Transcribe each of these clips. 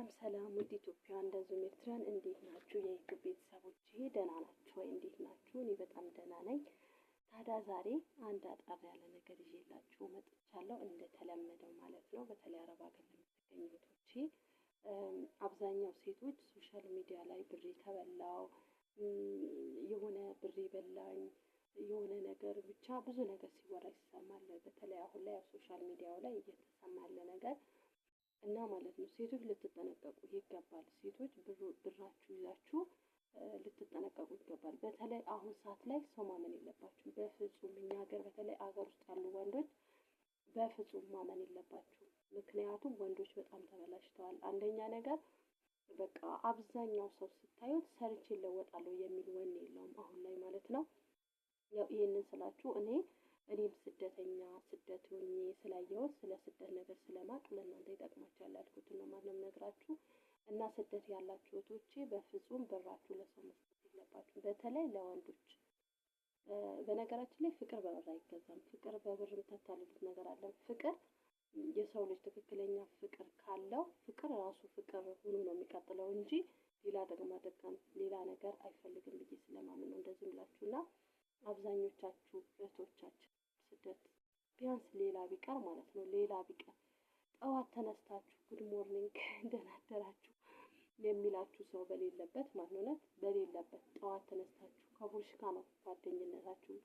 ሰላም ሰላም ውድ ኢትዮጵያ እንደዚሁም ኤርትራን እንዴት ናችሁ? የኢትዮ ቤተሰቦች ይሄ ደህና ናችሁ ወይ? እንዴት ናችሁ? እኔ በጣም ደህና ነኝ። ታዲያ ዛሬ አንድ አጠር ያለ ነገር ይዤላችሁ መጥቻለሁ፣ እንደተለመደው ማለት ነው። በተለይ አረብ ሀገር ለምትገኙ እህቶቼ፣ አብዛኛው ሴቶች ሶሻል ሚዲያ ላይ ብሬ ተበላው፣ የሆነ ብሬ በላኝ፣ የሆነ ነገር ብቻ ብዙ ነገር ሲወራ ይሰማል። በተለይ አሁን ላይ ሶሻል ሚዲያው ላይ እየተሰማ ያለ ነገር እና ማለት ነው ሴቶች ልትጠነቀቁ ይገባል። ሴቶች ብራችሁ ይዛችሁ ልትጠነቀቁ ይገባል። በተለይ አሁን ሰዓት ላይ ሰው ማመን የለባችሁ በፍጹም። እኛ ሀገር በተለይ አገር ውስጥ ያሉ ወንዶች በፍጹም ማመን የለባችሁ። ምክንያቱም ወንዶች በጣም ተበላሽተዋል። አንደኛ ነገር በቃ አብዛኛው ሰው ስታዩት ሰርቼ ይለወጣለሁ የሚል ወኔ የለውም አሁን ላይ ማለት ነው። ያው ይህንን ስላችሁ እኔ እኔም ስደተኛ ስደት ሆኜ ስላየሁት ስለ ስደት ነገር ስለማቅ ለእናንተ ይጠቅማችኋል ያልኩትን ነው ማለት ነግራችሁ እና ስደት ያላችሁ እህቶቼ በፍጹም ብራችሁ ለሰው መስጠት የለባችሁ። በተለይ ለወንዶች። በነገራችን ላይ ፍቅር በብር አይገዛም። ፍቅር በብር የምታታልሉት ነገር አለ። ፍቅር የሰው ልጅ ትክክለኛ ፍቅር ካለው ፍቅር ራሱ ፍቅር ሆኖ ነው የሚቀጥለው እንጂ ሌላ ጥቅማ ጥቅም ሌላ ነገር አይፈልግም ብዬ ስለማምን ነው እንደዚህ ምላችሁ እና አብዛኞቻችሁ እህቶቻችን ስደት ቢያንስ ሌላ ቢቀር ማለት ነው ሌላ ቢቀር ጠዋት ተነስታችሁ ጉድ ሞርኒንግ ደህና አደራችሁ የሚላችሁ ሰው በሌለበት ማለት በሌለበት ጠዋት ተነስታችሁ ከቡርሽ ጋር ነው ጓደኝነታችሁ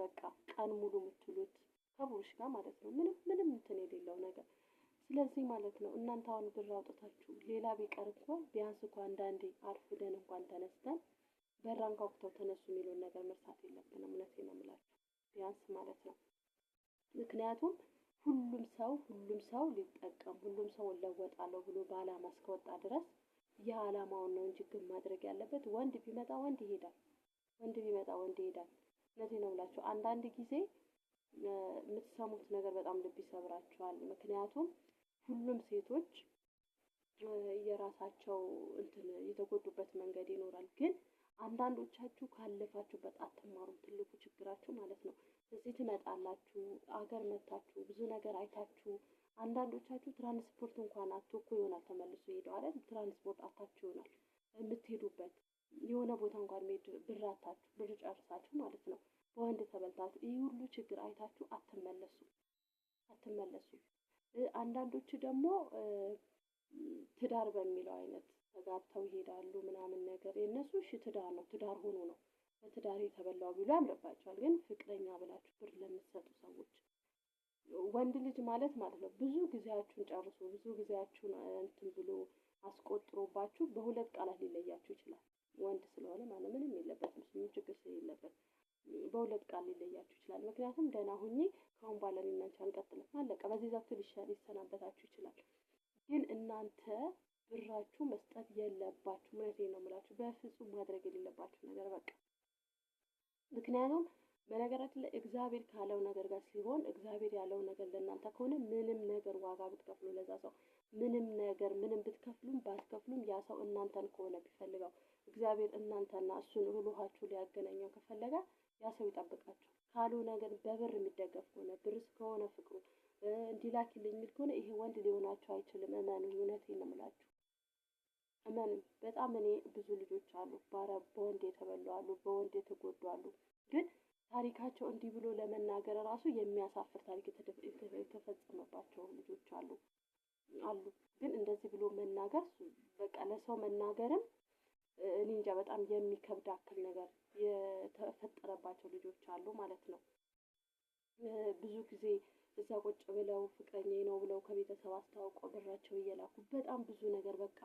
በቃ ቀን ሙሉ የምትሉት ከቡርሽ ጋር ማለት ነው። ምንም ምንም እንትን የሌለው ነገር ስለዚህ ማለት ነው እናንተ አሁን ብር አውጥታችሁ ሌላ ቢቀር እኮ ቢያንስ እኮ አንዳንዴ አርፍደን እንኳን ተነስተን በራን ተነሱ የሚለውን ነገር መርሳት የለብንም። እውነቴን ነው የምላችሁ። ቢያንስ ማለት ነው። ምክንያቱም ሁሉም ሰው ሁሉም ሰው ሊጠቀም ሁሉም ሰው እለወጣለሁ ብሎ በዓላማ እስከወጣ ድረስ ይህ አላማውን ነው እንጂ ግን ማድረግ ያለበት ወንድ ቢመጣ ወንድ ይሄዳል፣ ወንድ ቢመጣ ወንድ ይሄዳል። እነዚህ ነው ብላችሁ አንዳንድ ጊዜ የምትሰሙት ነገር በጣም ልብ ይሰብራችኋል። ምክንያቱም ሁሉም ሴቶች የራሳቸው እንትን የተጎዱበት መንገድ ይኖራል ግን አንዳንዶቻችሁ ካለፋችሁበት ትማሩ ትልቁ ችግራችሁ ማለት ነው። እዚህ ትመጣላችሁ፣ አገር መታችሁ፣ ብዙ ነገር አይታችሁ። አንዳንዶቻችሁ ትራንስፖርት እንኳን አቶ እኮ ይሆናል ተመልሶ ሄደው አይደል? ትራንስፖርት አታችሁ ይሆናል የምትሄዱበት የሆነ ቦታ እንኳን ሄድ ብር አታችሁ ብር ጨርሳችሁ ማለት ነው። በወንድ ተበልታችሁ ይህ ሁሉ ችግር አይታችሁ አትመለሱ አትመለሱ። አንዳንዶቹ ደግሞ ትዳር በሚለው አይነት ተጋብተው ይሄዳሉ ምናምን ነገር የእነሱ እሺ ትዳር ነው፣ ትዳር ሆኖ ነው በትዳር የተበላው ቢሉ ያምርባቸዋል። ግን ፍቅረኛ ብላችሁ ብር ለምትሰጡ ሰዎች ወንድ ልጅ ማለት ማለት ነው ብዙ ጊዜያችሁን ጨርሶ ብዙ ጊዜያችሁን እንትን ብሎ አስቆጥሮባችሁ በሁለት ቃላት ሊለያችሁ ይችላል። ወንድ ስለሆነ ማለት ምንም የለበትም፣ ምንም ችግር ስለሌለበት በሁለት ቃል ሊለያችሁ ይችላል። ምክንያቱም ደህና ሁኜ ከአሁን በኋላ እኔና አንቀጥልም አለቀ፣ በዚህ ዛፍ ይሰናበታችሁ ይችላል። ግን እናንተ ብራችሁ መስጠት የለባችሁ። እውነቴን ነው የምላችሁ፣ በፍጹም ማድረግ የሌለባችሁ ነገር በቃ። ምክንያቱም በነገራችን ላይ እግዚአብሔር ካለው ነገር ጋር ሲሆን እግዚአብሔር ያለው ነገር ለእናንተ ከሆነ ምንም ነገር ዋጋ ብትከፍሉ ለዛ ሰው ምንም ነገር ምንም ብትከፍሉም ባትከፍሉም ያ ሰው እናንተን ከሆነ ቢፈልገው እግዚአብሔር እናንተና እሱን ውሏችሁ ሊያገናኘው ከፈለገ ያ ሰው ይጠብቃችሁ። ካልሆነ ግን በብር የሚደገፍ ከሆነ ብርስ ከሆነ ፍቅሩ እንዲላክልኝ የሚል ከሆነ ይሄ ወንድ ሊሆናችሁ አይችልም። እመኑ፣ እውነቴን ነው የምላችሁ። እመኑ በጣም እኔ ብዙ ልጆች አሉ፣ በወንድ የተበሉ አሉ፣ በወንድ የተጎዱ አሉ። ግን ታሪካቸው እንዲህ ብሎ ለመናገር ራሱ የሚያሳፍር ታሪክ የተፈጸመባቸው ልጆች አሉ አሉ። ግን እንደዚህ ብሎ መናገር በቃ ለሰው መናገርም እኔ እንጃ በጣም የሚከብድ አክል ነገር የተፈጠረባቸው ልጆች አሉ ማለት ነው። ብዙ ጊዜ እዛ ቁጭ ብለው ፍቅረኛ ነው ብለው ከቤተሰብ አስተዋውቆ ብራቸው እየላኩ በጣም ብዙ ነገር በቃ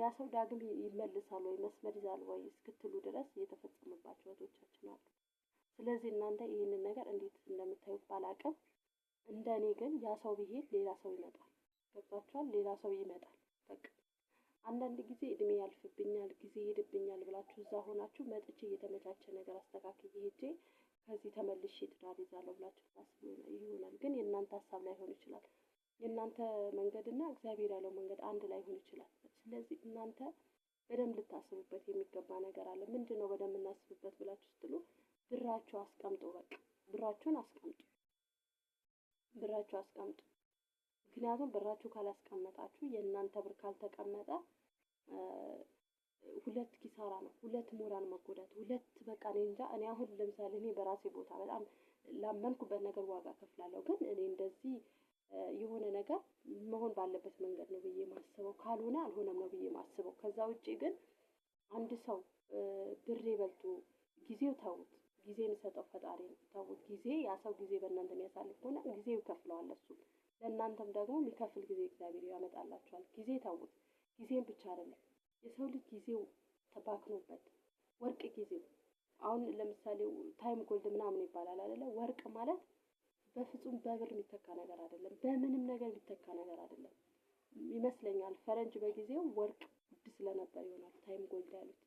ያ ሰው ዳግም ይመልሳል ወይ መስመር ይዛል ወይ እስክትሉ ድረስ እየተፈጸመባቸው እህቶቻችን አሉ። ስለዚህ እናንተ ይህንን ነገር እንዴት እንደምታዩት ባላቅም፣ እንደ እኔ ግን ያ ሰው ቢሄድ ሌላ ሰው ይመጣል። ገብቷችኋል? ሌላ ሰው ይመጣል። በቃ አንዳንድ ጊዜ እድሜ ያልፍብኛል፣ ጊዜ ይሄድብኛል ብላችሁ እዛ ሆናችሁ መጥቼ እየተመቻቸ ነገር አስተካክዬ ሄጄ ከዚህ ተመልሼ ትዳር ይዛለሁ ብላችሁ ታስቡ ይሆናል። ግን የእናንተ ሀሳብ ላይሆን ይችላል። የእናንተ መንገድና እግዚአብሔር ያለው መንገድ አንድ ላይሆን ይችላል። ስለዚህ እናንተ በደንብ ልታስቡበት የሚገባ ነገር አለ። ምንድን ነው በደንብ እናስብበት ብላችሁ ስትሉ ብራችሁ አስቀምጡ። በቃ ብራችሁን አስቀምጡ፣ ብራችሁ አስቀምጡ። ምክንያቱም ብራችሁ ካላስቀመጣችሁ የእናንተ ብር ካልተቀመጠ ሁለት ኪሳራ ነው። ሁለት ሞራል መጎዳት፣ ሁለት በቃ እኔ እንጃ። እኔ አሁን ለምሳሌ እኔ በራሴ ቦታ በጣም ላመንኩበት ነገር ዋጋ ከፍላለሁ። ግን እኔ እንደዚህ የሆነ ነገር መሆን ባለበት መንገድ ነው ብዬ ማስበው፣ ካልሆነ አልሆነም ነው ብዬ ማስበው። ከዛ ውጭ ግን አንድ ሰው ብሬ በልቶ ጊዜው ተውት፣ ጊዜ የሚሰጠው ፈጣሪ ነው። ተውት፣ ጊዜ ያ ሰው ጊዜ በእናንተ የሚያሳልፍ ከሆነ ጊዜ ይከፍለዋል እሱ። ለእናንተም ደግሞ የሚከፍል ጊዜ እግዚአብሔር ያመጣላችኋል። ጊዜ ተውት፣ ጊዜም ብቻ አይደለም የሰው ልጅ ጊዜው ተባክኖበት ወርቅ ጊዜው አሁን ለምሳሌ ታይም ጎልድ ምናምን ይባላል አይደለ? ወርቅ ማለት በፍጹም በብር የሚተካ ነገር አይደለም። በምንም ነገር የሚተካ ነገር አይደለም ይመስለኛል። ፈረንጅ በጊዜው ወርቅ ውድ ስለነበር ይሆናል ታይም ጎልድ ያሉት።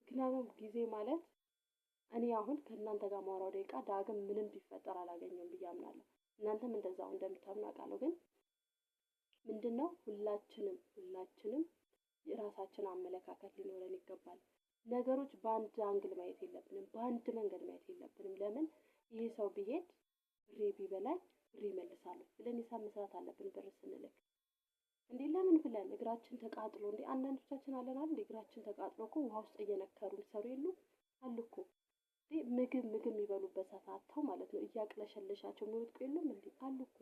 ምክንያቱም ጊዜ ማለት እኔ አሁን ከእናንተ ጋር ማውራው ደቂቃ ዳግም ምንም ቢፈጠር አላገኘውም ብዬ አምናለሁ። እናንተም እንደዛው እንደምታምኑ አውቃለሁ። ግን ምንድን ነው ሁላችንም ሁላችንም የራሳችን አመለካከት ሊኖረን ይገባል። ነገሮች በአንድ አንግል ማየት የለብንም፣ በአንድ መንገድ ማየት የለብንም። ለምን ይህ ሰው ቢሄድ ብሬ ቢበላኝ ብሬ ይመልሳሉ ብለን ሂሳብ መስራት አለብን። ብር ስንልክ እንዴ ለምን ብለን እግራችን ተቃጥሎ እንዴ አንዳንዶቻችን አለን አይደል እግራችን ተቃጥሎ እኮ ውሃ ውስጥ እየነከሩ ይሰሩ የሉ አሉ እኮ እንዴ ምግብ ምግብ የሚበሉበት ሰፋተው ማለት ነው እያቅለሸለሻቸው የሚወድቁ የሉም እንዴ አሉ እኮ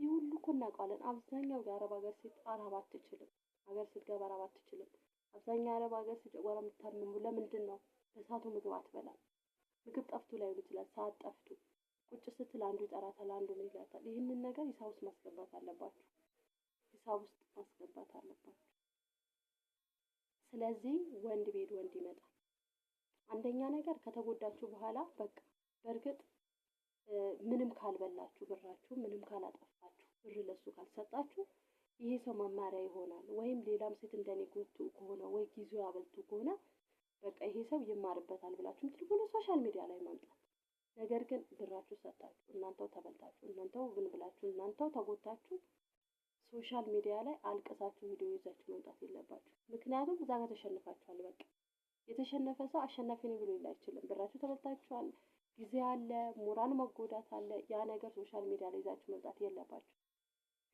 ይህ ሁሉ እኮ እናውቀዋለን። አብዛኛው የአረብ ሀገር ሴት አረብ አትችልም፣ ሀገር ስትገባ አረብ አትችልም። አብዛኛው የአረብ ሀገር ሴት ጨጓራ የምታምሙ ለምንድን ነው? በሳቱ ምግብ አትበላም። ምግብ ጠፍቶ ላይሆን ይችላል ሰዓት ጠፍቶ ቁጭ ስትል አንዱ ይጠራታል፣ አንዱ ምን ይላታል። ይህንን ነገር ሂሳብ ውስጥ ማስገባት አለባችሁ፣ ሂሳብ ውስጥ ማስገባት አለባችሁ። ስለዚህ ወንድ ቤድ ወንድ ይመጣል። አንደኛ ነገር ከተጎዳችሁ በኋላ በቃ በእርግጥ ምንም ካልበላችሁ ብራችሁ ምንም ካላጠፋችሁ ብር ለሱ ካልሰጣችሁ ይሄ ሰው መማሪያ ይሆናል። ወይም ሌላም ሴት እንደኔ ጎቱ ከሆነ ወይ ጊዜው አበልቱ ከሆነ በቃ ይሄ ሰው ይማርበታል ብላችሁ ምትል ሶሻል ሚዲያ ላይ ማምጣት ነገር ግን ብራችሁ ሰጣችሁ፣ እናንተው ተበልታችሁ፣ እናንተው ብን ብላችሁ፣ እናንተው ተጎታችሁ ሶሻል ሚዲያ ላይ አልቅሳችሁ ቪዲዮ ይዛችሁ መምጣት የለባችሁ። ምክንያቱም እዛ ጋር ተሸንፋችኋል። በቃ የተሸነፈ ሰው አሸናፊ ነው ብሎ አይችልም። ብራችሁ ተበልታችኋል። ጊዜ አለ፣ ሞራል መጎዳት አለ። ያ ነገር ሶሻል ሚዲያ ላይ ይዛችሁ መምጣት የለባችሁ።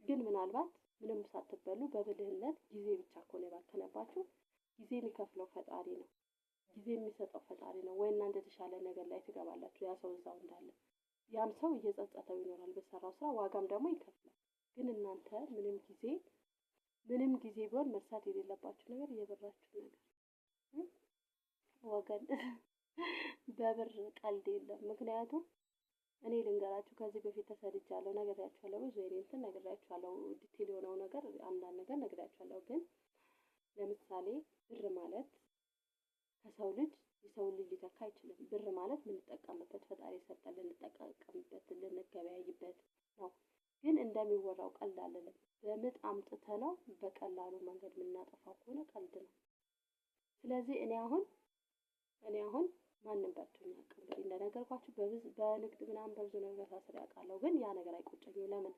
ግን ምናልባት ምንም ሳትበሉ በብልህነት ጊዜ ብቻ ከሆነ የባከነባችሁ ጊዜ የሚከፍለው ፈጣሪ ነው። ጊዜ የሚሰጠው ፈጣሪ ነው። ወይ እናንተ የተሻለ ነገር ላይ ትገባላችሁ። ያ ሰው እዛው እንዳለ ያም ሰው እየጸጸተው ይኖራል በሰራው ስራ ዋጋም ደግሞ ይከፍላል። ግን እናንተ ምንም ጊዜ ምንም ጊዜ ቢሆን መርሳት የሌለባችሁ ነገር የብራችሁ ነገር ወገን፣ በብር ቀልድ የለም። ምክንያቱም እኔ ልንገራችሁ ከዚህ በፊት ተሰድጃለሁ፣ ነግሬያችኋለሁ። ብዙ የኔ እንትን ነግሬያችኋለሁ። ዲቴል የሆነው ነገር አንዳንድ ነገር ነግሬያችኋለሁ። ግን ለምሳሌ ብር ማለት ከሰው ልጅ የሰው ልጅ ሊተካ አይችልም። ብር ማለት የምንጠቀምበት ፈጣሪ የሰጠን ልንጠቀምበት ልንገበያይበት ነው። ግን እንደሚወራው ቀልድ አለለም። በምጥ አምጥተ ነው በቀላሉ መንገድ የምናጠፋው ከሆነ ቀልድ ነው። ስለዚህ እኔ አሁን እኔ አሁን ማንም በርቶኝ አያውቅም። እንግዲህ እንደነገርኳችሁ በንግድ ምናምን በብዙ ነገር ታስሬ አውቃለሁ። ግን ያ ነገር አይቆጨኝም። ለምን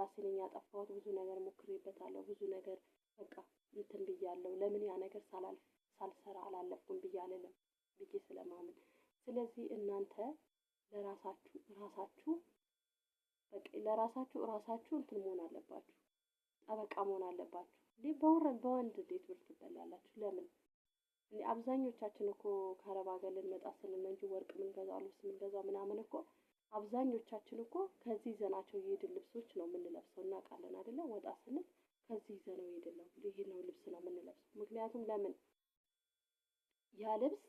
ራሴን ያጠፋሁት ብዙ ነገር ሞክሬበታለሁ። ብዙ ነገር በቃ እንትን ብያለሁ። ለምን ያ ነገር ሳላልፍ ሳልሰራ አላለፍኩም ብዬ አልልም ብዬ ስለማምን ስለዚህ እናንተ ለራሳችሁ ራሳችሁ ለራሳችሁ ራሳችሁ እንትን መሆን አለባችሁ፣ ጠበቃ መሆን አለባችሁ። እንዲህ በወረን በወንድ እንዴት ብር ትበላላችሁ? ለምን እኔ አብዛኞቻችን እኮ ከአረብ ሀገር ልንመጣ ስንል እንጂ ወርቅ ምንገዛው ልብስ ምንገዛው ምናምን እኮ አብዛኞቻችን እኮ ከዚህ ይዘናቸው የሄድን ልብሶች ነው የምንለብሰው። እናውቃለን አይደለ? ወጣ ስንል ከዚህ ይዘነው የሄድን ይሄ ነው ልብስ ነው የምንለብሰው። ምክንያቱም ለምን ያ ልብስ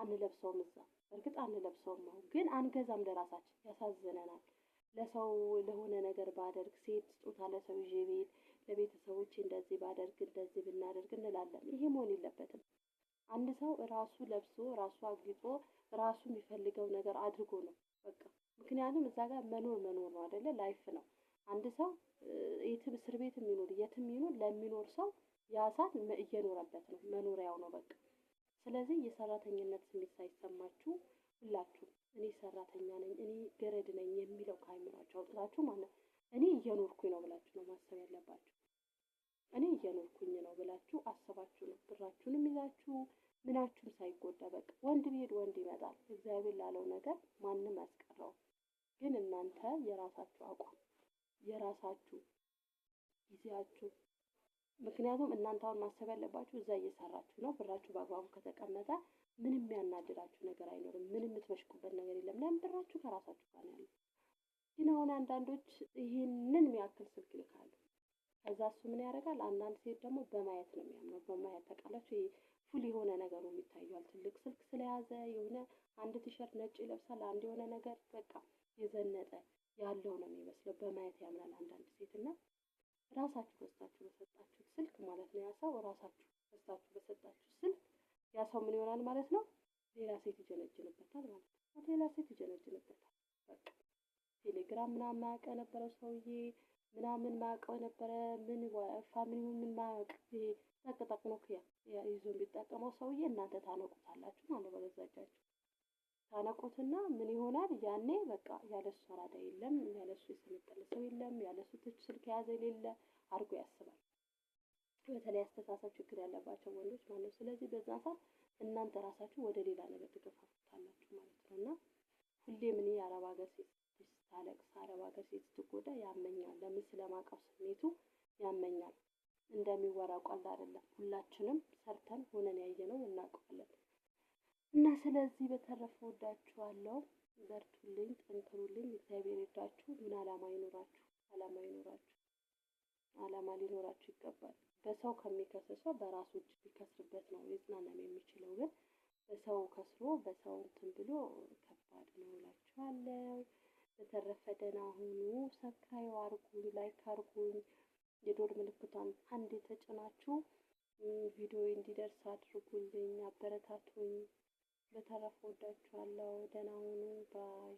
አንለብሰውም እዛ እርግጥ አንለብሰውም አሁን ግን አንገዛም ለራሳችን ያሳዝነናል ለሰው ለሆነ ነገር ባደርግ ሴት ስጦታ ለሰው ይዤ ቤት ለቤተሰቦች እንደዚህ ባደርግ እንደዚህ ብናደርግ እንላለን ይሄ መሆን የለበትም አንድ ሰው ራሱ ለብሶ ራሱ አጊጦ ራሱ የሚፈልገው ነገር አድርጎ ነው በቃ ምክንያቱም እዛ ጋር መኖር መኖር ነው አደለ ላይፍ ነው አንድ ሰው የትም እስር ቤት የሚኖር የትም ይኖር ለሚኖር ሰው ያ እየኖረበት ነው መኖሪያው ነው በቃ ስለዚህ የሰራተኝነት ስሜት ሳይሰማችሁ ሁላችሁ እኔ ሰራተኛ ነኝ፣ እኔ ገረድ ነኝ የሚለው ከአእምሯችሁ አውጥታችሁ ማለት እኔ እየኖርኩኝ ነው ብላችሁ ነው ማሰብ ያለባችሁ። እኔ እየኖርኩኝ ነው ብላችሁ አስባችሁ ነው ብራችሁንም ይዛችሁ ምናችሁም ሳይጎዳ በቃ ወንድ ቢሄድ ወንድ ይመጣል። እግዚአብሔር ላለው ነገር ማንም አያስቀረው። ግን እናንተ የራሳችሁ አቋም የራሳችሁ ጊዜያችሁ ምክንያቱም እናንተ አሁን ማሰብ ያለባችሁ እዛ እየሰራችሁ ነው። ብራችሁ በአግባቡ ከተቀመጠ ምንም ያናድዳችሁ ነገር አይኖርም። ምንም የምትመሽቁበት ነገር የለም። ለምን ብራችሁ ከራሳችሁ ጋር ነው ግን አሁን አንዳንዶች ይህንን የሚያክል ስልክ ይልካሉ። ከዛ እሱ ምን ያደርጋል? አንዳንድ ሴት ደግሞ በማየት ነው የሚያምነው። በማየት ተቃላችሁ ፉል የሆነ ነገሩ ይታያል። ትልቅ ስልክ ስለያዘ የሆነ አንድ ቲሸርት ነጭ ይለብሳል። አንድ የሆነ ነገር በቃ የዘነጠ ያለው ነው የሚመስለው። በማየት ያምናል አንዳንድ ሴት እና ራሳችሁ ገዝታችሁ በሰጣችሁት ስልክ ማለት ነው። ያ ሰው ራሳችሁ ገዝታችሁ በሰጣችሁ ስልክ ያ ሰው ምን ይሆናል ማለት ነው? ሌላ ሴት ይጀነጅንበታል ማለት ነው። ሌላ ሴት ይጀነጅንበታል። በቃ ቴሌግራም ምናምን ማያውቀው የነበረው ሰውዬ ምናምን ማያውቀው የነበረ ምን ፋሚሊ ምን ማያውቅ ይሄ ጠቅጠቅ ነው ይዞ የሚጠቀመው ሰውዬ እናንተ ታነቁታላችሁ ማለት ነው በገዛ እጃችሁ ታነቁትና ምን ይሆናል ያኔ በቃ ያለሱ አራዳ የለም፣ ያለሱ የሰለጠነ ሰው የለም፣ ያለሱ ትች ስልክ የያዘ የሌለ አድርጎ ያስባል። በተለይ አስተሳሰብ ችግር ያለባቸው ወንዶች ማለት ስለዚህ በዛ ሰዓት እናንተ ራሳችሁ ወደ ሌላ ነገር ትገፋፉታላችሁ ማለት ነው እና ሁሌም ምን የአረብ ሀገር ሴት ስታለቅስ አረብ ሀገር ሴት ስትጎዳ ያመኛል። ለምን ስለማቀፍ ስሜቱ ያመኛል። እንደሚወራ ቀልድ አይደለም። ሁላችንም ሰርተን ሆነን ያየነው እናውቀዋለን። እና ስለዚህ በተረፈ ወዳችኋለሁ። በርቱልኝ፣ ጠንክሩልኝ፣ እግዚአብሔር ይርዳችሁ። ምን አላማ ይኖራችሁ፣ አላማ ይኖራችሁ፣ አላማ ሊኖራችሁ ይገባል። በሰው ከሚከሰሰው በራሱ ሊከስርበት ነው ሊጽናናም የሚችለው ግን በሰው ከስሮ በሰው እንትን ብሎ ከባድ ነው እላችኋለሁ። በተረፈ ደህና ሁኑ። ሰብስክራይብ አርጉኝ፣ ላይክ አርጉኝ፣ የዶር ምልክቷን አንዴ ተጭናችሁ ቪዲዮ እንዲደርስ አድርጉልኝ፣ አበረታቱኝ። በተረፈ ወዳችኋለሁ። ደህና ሁኑ ባይ